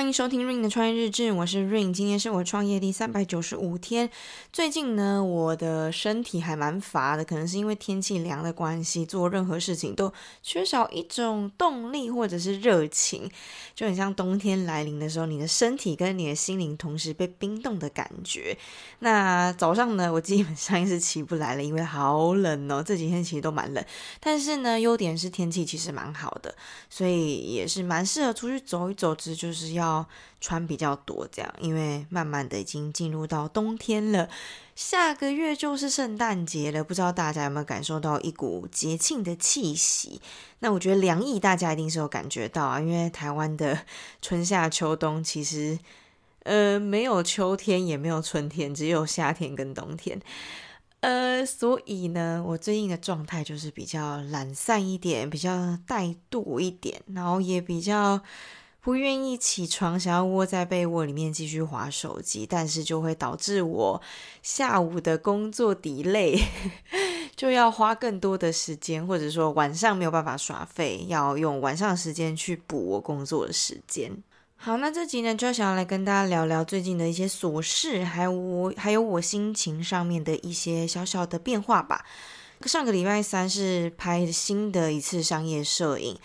歡迎收聽 Rain 的創業日志，我是 Rain，今天是我創業第三百九十五天。最近呢，我的身體還蠻乏的，可能是因為天氣涼的關係，做任何事情都缺少一種動力或者是熱情，就很像冬天來臨的時候，你的身體跟你的心靈同時被冰凍的感覺。那早上呢，我基本上是起不來了，因為好冷哦。這幾天其實都蠻冷，但是呢，優點是天氣其實蠻好的，所以也是蠻適合出去走一走。之就是要。穿比較多，這樣，因為慢慢的已經進入到冬天了，下個月就是聖誕節了，不知道大家有沒有感受到一股節慶的氣息？那我覺得涼意大家一定是有感覺到啊，因為台灣的春夏秋冬其實，呃，沒有秋天也沒有春天，只有夏天跟冬天。呃，所以呢，我最近的狀態就是比較懶散一點，比較怠惰一點，然後也比較。不願意起床，想要窩在被窩裡面繼續划手機，但是就會導致我下午的工作 delay， 就要花更多的時間，或者說晚上沒有辦法耍廢，要用晚上的時間去補我工作的時間。好，那這集呢，就想要來跟大家聊聊最近的一些瑣事，還有我還有我心情上面的一些小小的變化吧。上個禮拜三是拍新的一次商業攝影。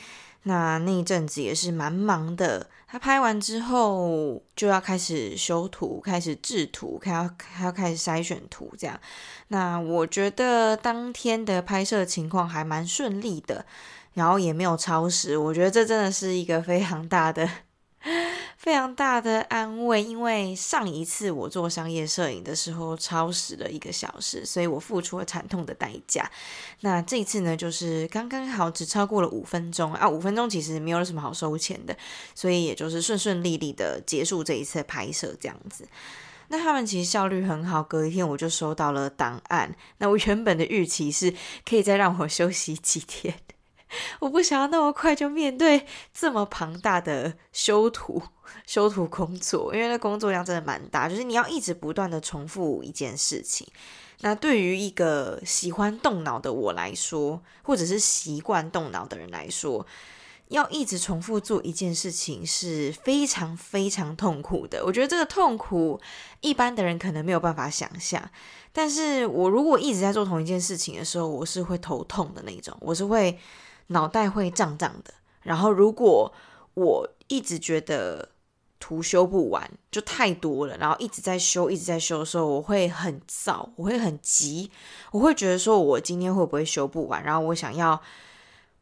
那那一陣子也是蠻忙的，他拍完之後就要開始修圖，開始制圖，還要還要開始篩選圖這樣。那我覺得當天的拍攝情況還蠻順利的，然後也沒有超時，我覺得這真的是一個非常大的。非常大的安慰，因為上一次我做商業攝影的時候超時了一個小時，所以我付出了慘痛的代價。那這次呢，就是剛剛好只超過了五分鐘啊，五分鐘其實沒有什麼好收錢的，所以也就是順順利利的結束這一次拍攝，這樣子。那他們其實效率很好，隔一天我就收到了檔案。那我原本的預期是可以再讓我休息幾天。我不想要那麼快就面對這麼龐大的修圖修圖工作，因為那工作量真的蠻大。就是你要一直不斷地重複一件事情，那對於一個喜歡動腦的我來說，或者是習慣動腦的人來說，要一直重複做一件事情是非常非常痛苦的。我覺得這個痛苦一般的人可能沒有辦法想象。但是我如果一直在做同一件事情的時候，我是會頭痛的那種，我是會。腦袋會脹脹的。然後，如果我一直覺得圖修不完，就太多了，然後一直在修，一直在修的時候，我會很躁，我會很急，我會覺得說，我今天會不會修不完？然後我想要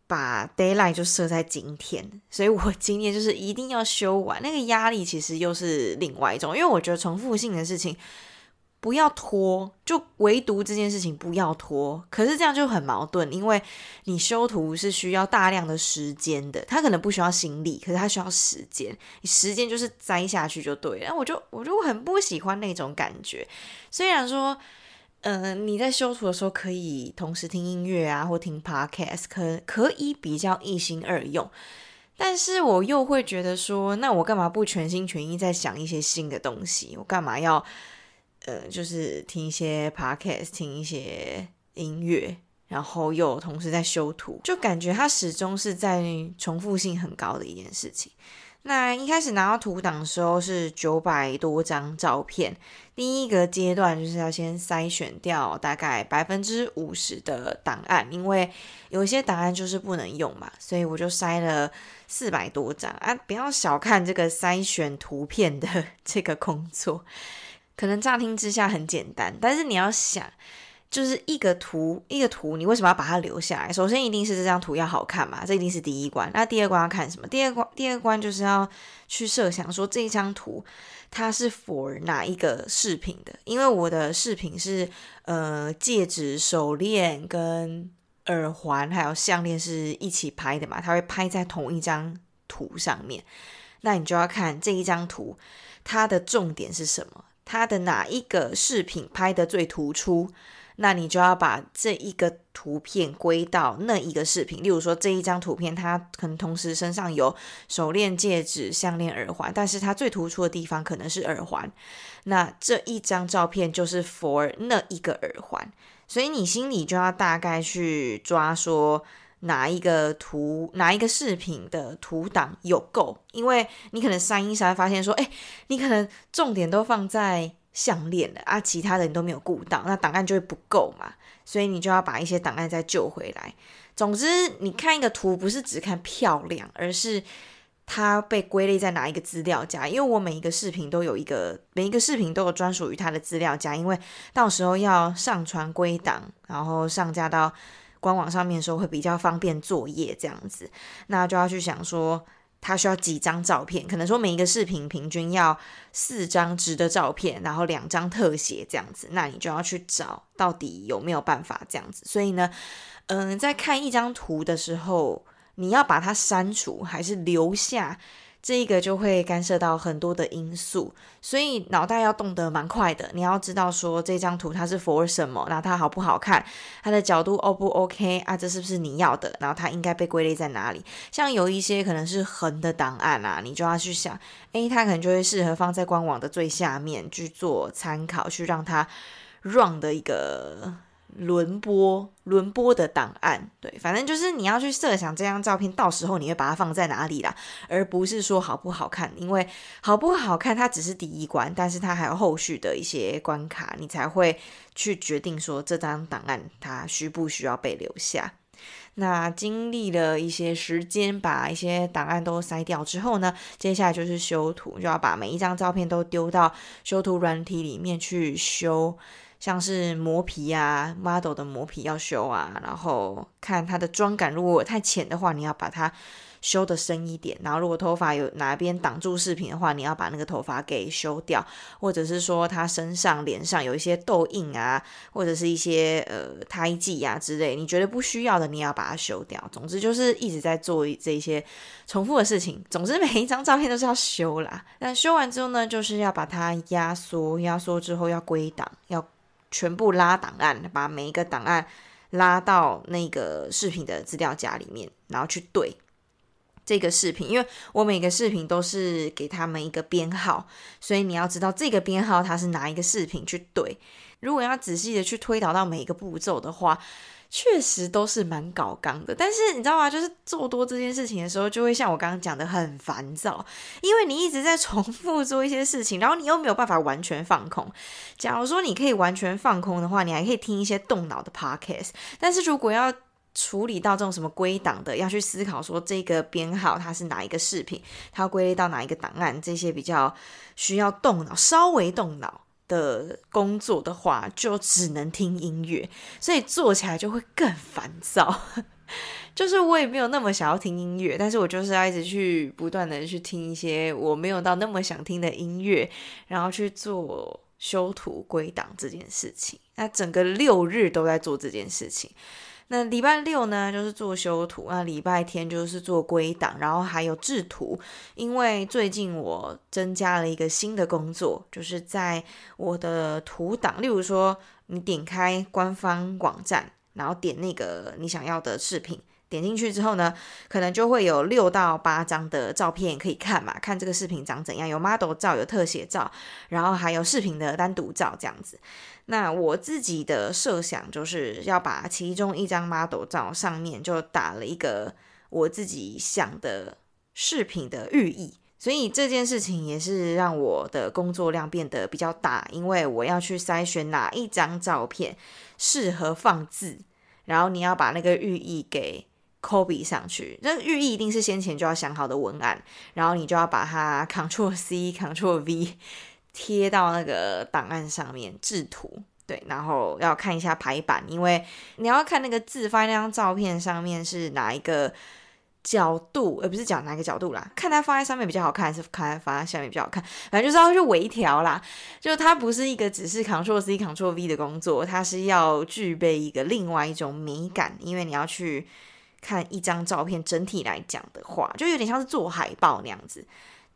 把 deadline 就設在今天，所以我今天就是一定要修完。那個壓力其實又是另外一種，因為我覺得重複性的事情。不要拖，就唯獨這件事情不要拖。可是這樣就很矛盾，因為你修圖是需要大量的時間的，它可能不需要心力，可是它需要時間。你時間就是栽下去就對了，我就我就很不喜歡那種感覺。雖然說，嗯、呃，你在修圖的時候可以同時聽音樂啊，或聽 podcast，可可以比較一心二用。但是我又會覺得說，那我幹嘛不全心全意在想一些新的東西？我幹嘛要？呃，就是聽一些 podcast，聽一些音樂，然後又同時在修圖，就感覺它始終是在重複性很高的一件事情。那一開始拿到圖檔的時候是九百多張照片，第一個階段就是要先篩選掉大概百分之五十的檔案，因為有一些檔案就是不能用嘛，所以我就篩了四百多張。啊，不要小看這個篩選圖片的這個工作。可能乍聽之下很簡單，但是你要想，就是一個圖，一個圖，你為什麼要把它留下來？首先，一定是這張圖要好看嘛，這一定是第一關。那第二關要看什麼？第二關，第二關就是要去設想說這一張圖它是 for 哪一個飾品的。因為我的飾品是呃戒指、手鏈跟耳環還有項鏈是一起拍的嘛，它會拍在同一張圖上面。那你就要看這一張圖它的重點是什麼？他的哪一個飾品拍的最突出，那你就要把這一個圖片歸到那一個視頻。例如說這一張圖片，它可能同時身上有手鏈、戒指、項鏈、耳環，但是它最突出的地方可能是耳環。那這一張照片就是 for 那一個耳環，所以你心裡就要大概去抓說。哪一個圖，哪一個視頻的圖檔有夠？因為你可能刪一刪，發現說，哎，你可能重點都放在項鏈了啊，其他的你都沒有顧到，那檔案就會不夠嘛。所以你就要把一些檔案再救回來。總之，你看一個圖不是只看漂亮，而是它被歸類在哪一個資料夾？因為我每一個視頻都有一個，每一個視頻都有專屬於它的資料夾，因為到時候要上傳歸檔，然後上架到。官網上面說會比較方便作業這樣子，那就要去想說，他需要幾張照片？可能說每一個視頻平均要四張直的照片，然後兩張特寫這樣子，那你就要去找到底有沒有辦法這樣子。所以呢，嗯，在看一張圖的時候，你要把它刪除還是留下？這一個就會干涉到很多的因素，所以腦袋要動得蠻快的。你要知道說這張圖它是 for 什麼，然後它好不好看，它的角度 O 不 OK 啊？這是不是你要的？然後它應該被歸類在哪裡？像有一些可能是橫的檔案啊，你就要去想，誒，它可能就會適合放在官網的最下面去做參考，去讓它 run 的一個。輪播，輪播的檔案，對，反正就是你要去設想這張照片到時候你會把它放在哪裡啦，而不是說好不好看，因為好不好看它只是第一關，但是它還有後續的一些關卡，你才會去決定說這張檔案它需不需要被留下。那經歷了一些時間，把一些檔案都篩掉之後呢，接下來就是修圖，就要把每一張照片都丟到修圖軟體裡面去修。像是磨皮啊，model 的磨皮要修啊，然後看它的妝感，如果有太淺的話，你要把它修的深一點。然後如果頭髮有哪邊擋住飾品的話，你要把那個頭髮給修掉，或者是說他身上、臉上有一些痘印啊，或者是一些呃胎記啊之類，你覺得不需要的，你要把它修掉。總之就是一直在做這些重複的事情。總之每一張照片都是要修啦。但修完之後呢，就是要把它壓縮，壓縮之後要歸檔，要。全部拉檔案，把每一個檔案拉到那個視頻的資料夾裡面，然後去對這個視頻。因為我每個視頻都是給他們一個編號，所以你要知道這個編號它是哪一個視頻去對。如果要仔細的去推導到每一個步驟的話，確實都是蠻搞剛的，但是你知道嗎？就是做多這件事情的時候，就會像我剛剛講的很煩躁，因為你一直在重複做一些事情，然後你又沒有辦法完全放空。假如說你可以完全放空的話，你還可以聽一些動腦的 podcast。但是如果要處理到這種什麼歸檔的，要去思考說這個編號它是哪一個視頻，它歸類到哪一個檔案，這些比較需要動腦，稍微動腦。的工作的話，就只能聽音樂，所以做起來就會更煩躁。 就是我也沒有那麼想要聽音樂，但是我就是要一直去不斷的去聽一些我沒有到那麼想聽的音樂，然後去做修圖歸檔這件事情。那整個六日都在做這件事情。那禮拜六呢，就是做修圖；那禮拜天就是做歸檔，然後還有製圖。因為最近我增加了一個新的工作，就是在我的圖檔，例如說，你點開官方網站，然後點那個你想要的視頻。點進去之後呢，可能就會有六到八張的照片可以看嘛，看這個飾品長怎樣，有 model 照，有特寫照，然後還有飾品的單獨照這樣子。那我自己的設想就是要把其中一張 model 照上面就打了一個我自己想的飾品的寓意，所以這件事情也是讓我的工作量變得比較大，因為我要去篩選哪一張照片適合放字，然後你要把那個寓意給。Kobe 上去，這寓意一定是先前就要想好的文案，然後你就要把它 Ctrl C Ctrl V 貼到那個檔案上面，制圖對，然後要看一下排版，因為你要看那個字放在那張照片上面是哪一個角度，而、呃、不是講哪個角度啦，看它放在上面比較好看，還是看它放在下面比較好看，反正就是要去微調啦，就它不是一個只是 Ctrl C Ctrl V 的工作，它是要具備一個另外一種美感，因為你要去。看一張照片，整體來講的話，就有點像是做海報那樣子，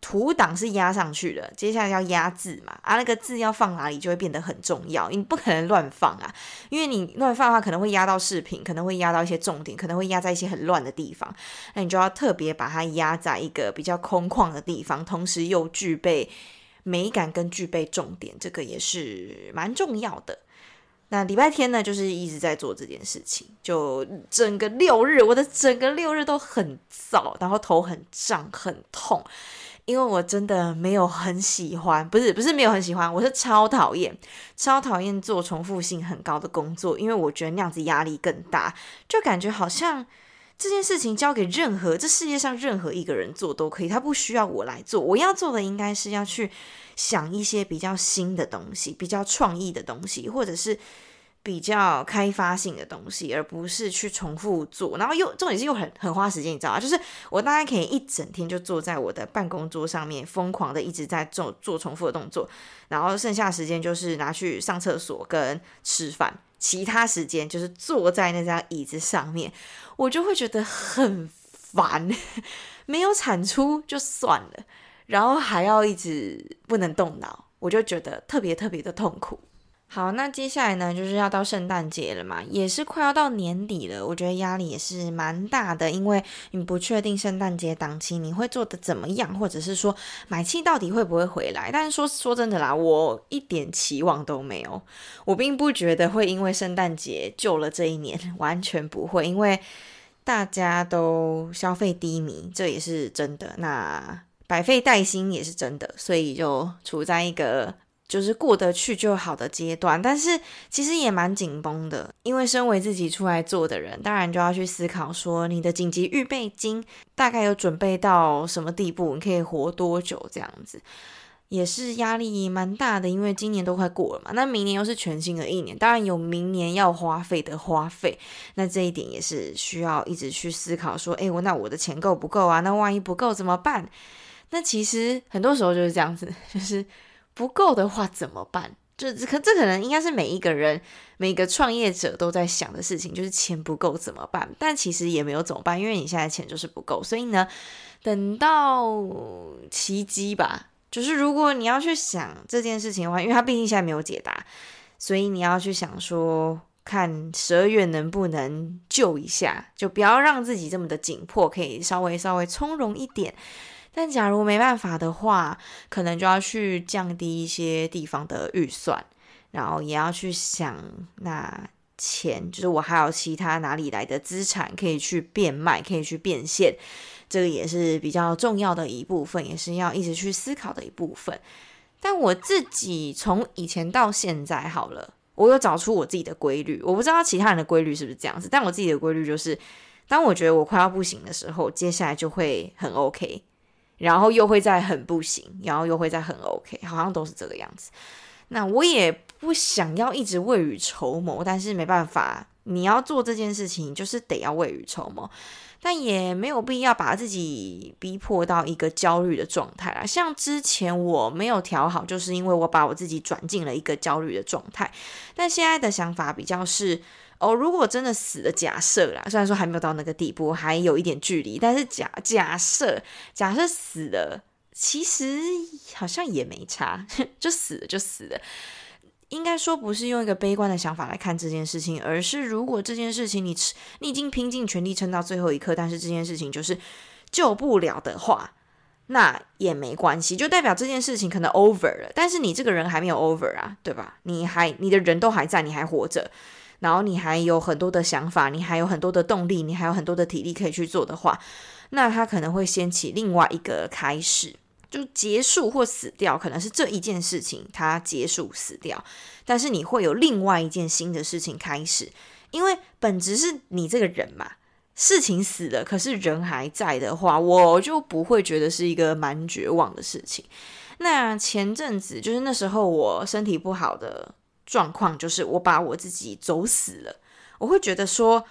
圖檔是壓上去了，接下來要壓字嘛，啊，那個字要放哪裡就會變得很重要，你不可能亂放啊，因為你亂放的話，可能會壓到視頻，可能會壓到一些重點，可能會壓在一些很亂的地方，那你就要特別把它壓在一個比較空曠的地方，同時又具備美感跟具備重點，這個也是蠻重要的。那禮拜天呢，就是一直在做這件事情，就整個六日，我的整個六日都很燥，然後頭很脹很痛，因為我真的沒有很喜歡，不是不是沒有很喜歡，我是超討厭，超討厭做重複性很高的工作，因為我覺得那樣子壓力更大，就感覺好像。這件事情交給任何，這世界上任何一個人做都可以，他不需要我來做，我要做的應該是要去想一些比較新的東西，比較創意的東西，或者是。比較開發性的東西，而不是去重複做，然後又重點是又很很花時間，你知道嗎？就是我大概可以一整天就坐在我的辦公桌上面，瘋狂的一直在做做重複的動作，然後剩下時間就是拿去上廁所跟吃飯，其他時間就是坐在那張椅子上面，我就會覺得很煩， 沒有產出就算了，然後還要一直不能動腦，我就覺得特別特別的痛苦。好，那接下來呢，就是要到聖誕節了嘛，也是快要到年底了。我覺得壓力也是蠻大的，因為你不確定聖誕節檔期你會做得怎麼樣，或者是說買氣到底會不會回來。但是說說真的啦，我一點期望都沒有，我並不覺得會因為聖誕節救了這一年，完全不會，因為大家都消費低迷，這也是真的。那百廢待興也是真的，所以就處在一個。就是過得去就好的階段，但是其實也蠻緊繃的，因為身為自己出來做的人，當然就要去思考說你的緊急預備金大概有準備到什麼地步，你可以活多久這樣子，也是壓力蠻大的，因為今年都快過了嘛，那明年又是全新的一年，當然有明年要花費的花費，那這一點也是需要一直去思考說，誒，我那我的錢夠不夠啊？那萬一不夠怎麼辦？那其實很多時候就是這樣子，就是。不夠的話怎麼辦？這可這可能應該是每一個人每一個創業者都在想的事情，就是錢不夠怎麼辦？但其實也沒有怎麼辦，因為你現在錢就是不夠，所以呢，等到奇蹟吧。就是如果你要去想這件事情的話，因為它畢竟現在沒有解答，所以你要去想說，看十二月能不能救一下，就不要讓自己這麼的緊迫，可以稍微稍微從容一點。但假如沒辦法的話，可能就要去降低一些地方的預算，然後也要去想，那錢就是我還有其他哪裡來的資產可以去變賣，可以去變現，這個也是比較重要的一部分，也是要一直去思考的一部分。但我自己從以前到現在好了，我有找出我自己的規律。我不知道其他人的規律是不是這樣子，但我自己的規律就是，當我覺得我快要不行的時候，接下來就會很 OK。然後又會再很不行，然後又會再很 OK，好像都是這個樣子。那我也不想要一直未雨綢繆，但是沒辦法，你要做這件事情就是得要未雨綢繆。但也沒有必要把自己逼迫到一個焦慮的狀態啦。像之前我沒有調好，就是因為我把我自己轉進了一個焦慮的狀態。但現在的想法比較是，哦，如果真的死了，假設啦，雖然說還沒有到那個地步，還有一點距離，但是假假設，假設死了，其實好像也沒差，就死了就死了。應該說不是用一個悲觀的想法來看這件事情，而是如果這件事情你你已經拼盡全力撐到最後一刻，但是這件事情就是救不了的話，那也沒關係，就代表這件事情可能 over 了，但是你這個人還沒有 over 啊，對吧？你還你的人都還在，你還活着。然後你還有很多的想法，你還有很多的動力，你還有很多的體力可以去做的話，那它可能會掀起另外一個開始，就結束或死掉，可能是這一件事情它結束死掉，但是你會有另外一件新的事情開始，因為本質是你這個人嘛，事情死了，可是人還在的話，我就不會覺得是一個蠻絕望的事情。那前陣子就是那時候我身體不好的狀況就是我把我自己走死了，我會覺得說，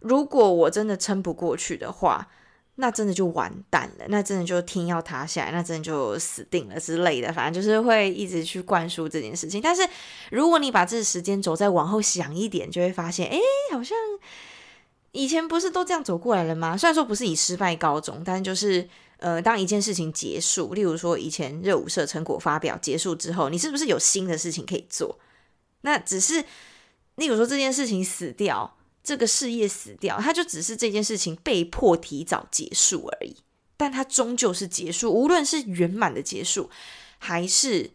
如果我真的撐不過去的話，那真的就完蛋了，那真的就天要塌下來，那真的就死定了之類的。反正就是會一直去灌輸這件事情。但是如果你把這時間軸再往後想一點，就會發現，哎，好像以前不是都這樣走過來了嗎？雖然說不是以失敗告終，但是就是呃，當一件事情結束，例如說以前熱舞社成果發表結束之後，你是不是有新的事情可以做？那只是，你比如說這件事情死掉，這個事業死掉，它就只是這件事情被迫提早結束而已。但它終究是結束，無論是圓滿的結束，還是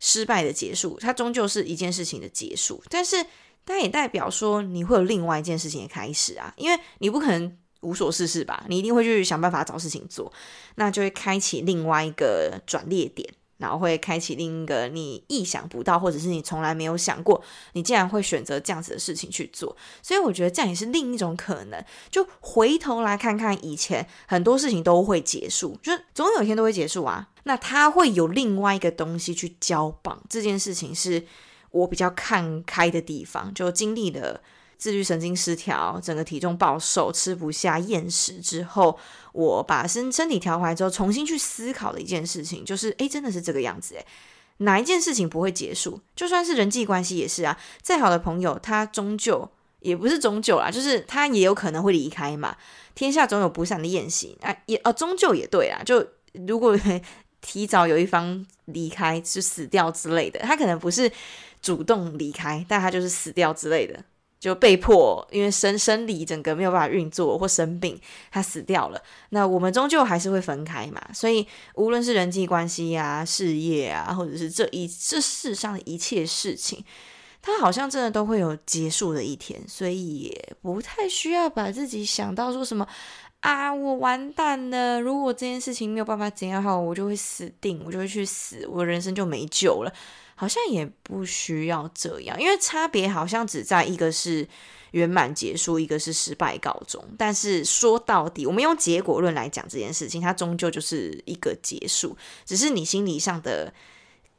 失敗的結束，它終究是一件事情的結束。但是它也代表說你會有另外一件事情的開始啊，因為你不可能無所事事吧？你一定會去想辦法找事情做，那就會開啟另外一個轉捩點。然後會開啟另一個你意想不到，或者是你從來沒有想過，你竟然會選擇這樣子的事情去做。所以我覺得這樣也是另一種可能。就回頭來看看以前很多事情都會結束，就總有一天都會結束啊。那他會有另外一個東西去交棒，這件事情是我比較看開的地方。就經歷了。自律神經失調，整個體重暴瘦，吃不下、厭食之後，我把身身體調回來之後，重新去思考的一件事情，就是哎，真的是這個樣子哎。哪一件事情不會結束？就算是人際關係也是啊。再好的朋友，他終究也不是終究啦，就是他也有可能會離開嘛。天下總有不散的宴席，哎、啊、也哦、啊，終究也對啦。就如果提早有一方離開，就死掉之類的，他可能不是主動離開，但他就是死掉之類的。就被迫因為生生理整個沒有辦法運作或生病，他死掉了。那我們終究還是會分開嘛？所以無論是人際關係呀、啊、事業啊，或者是這一這世上的一切事情，它好像真的都會有結束的一天。所以也不太需要把自己想到說什麼啊，我完蛋了。如果這件事情沒有辦法怎樣好，我就會死定，我就會去死，我的人生就沒救了。好像也不需要這樣，因為差別好像只在一個是圓滿結束，一個是失敗告終。但是說到底，我們用結果論來講這件事情，它終究就是一個結束。只是你心理上的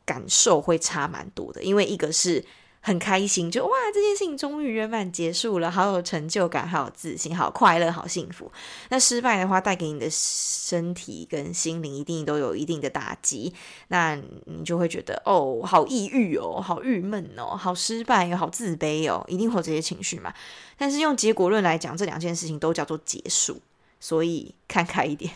感受會差蠻多的，因為一個是。很開心，就哇，這件事情終於圓滿結束了，好有成就感，好有自信，好快樂，好幸福。那失敗的話，帶給你的身體跟心靈一定都有一定的打擊，那你就會覺得哦，好抑鬱哦，好鬱悶哦，好失敗哦，好自卑哦，一定會有這些情緒嘛。但是用結果論來講，這兩件事情都叫做結束，所以看開一點。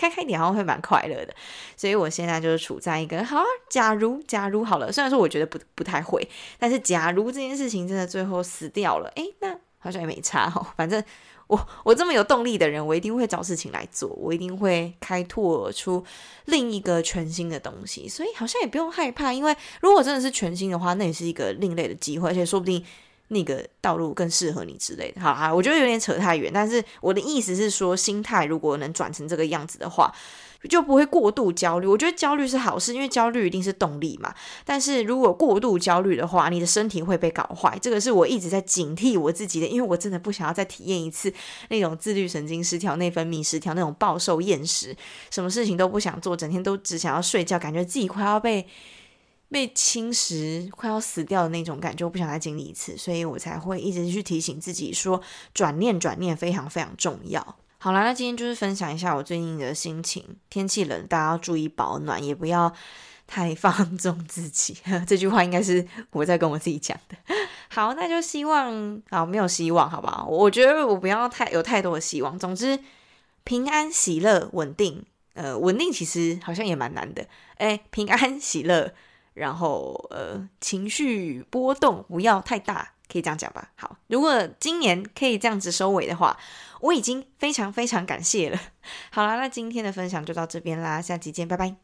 開開點好像會蠻快樂的，所以我現在就處在一個好啊，假如假如好了，雖然說我覺得不不太會，但是假如這件事情真的最後死掉了，誒，那好像也沒差哦，反正我我這麼有動力的人，我一定會找事情來做，我一定會開拓出另一個全新的東西，所以好像也不用害怕，因為如果真的是全新的話，那也是一個另類的機會，而且說不定。那個道路更適合你之類的，好啦，我覺得有點扯太遠，但是我的意思是說，心態如果能轉成這個樣子的話，就不會過度焦慮。我覺得焦慮是好事，因為焦慮一定是動力嘛。但是如果過度焦慮的話，你的身體會被搞壞，這個是我一直在警惕我自己的，因為我真的不想要再體驗一次那種自律神經失調、內分泌失調、那種暴瘦、厭食，什麼事情都不想做，整天都只想要睡覺，感覺自己快要被。被侵蝕、快要死掉的那種感覺，我不想再經歷一次，所以我才會一直去提醒自己說：轉念、轉念非常非常重要。好啦，那今天就是分享一下我最近的心情。天氣冷，大家要注意保暖，也不要太放縱自己。這句話應該是我在跟我自己講的。好，那就希望……好，沒有希望，好不好？我覺得我不要太有太多的希望。總之，平安、喜樂、穩定。呃，穩定其實好像也蠻難的。哎，平安、喜樂。然後，呃，情緒波動不要太大，可以這樣講吧。好，如果今年可以這樣子收尾的話，我已經非常非常感謝了。好啦，那今天的分享就到這邊啦，下期見，拜拜。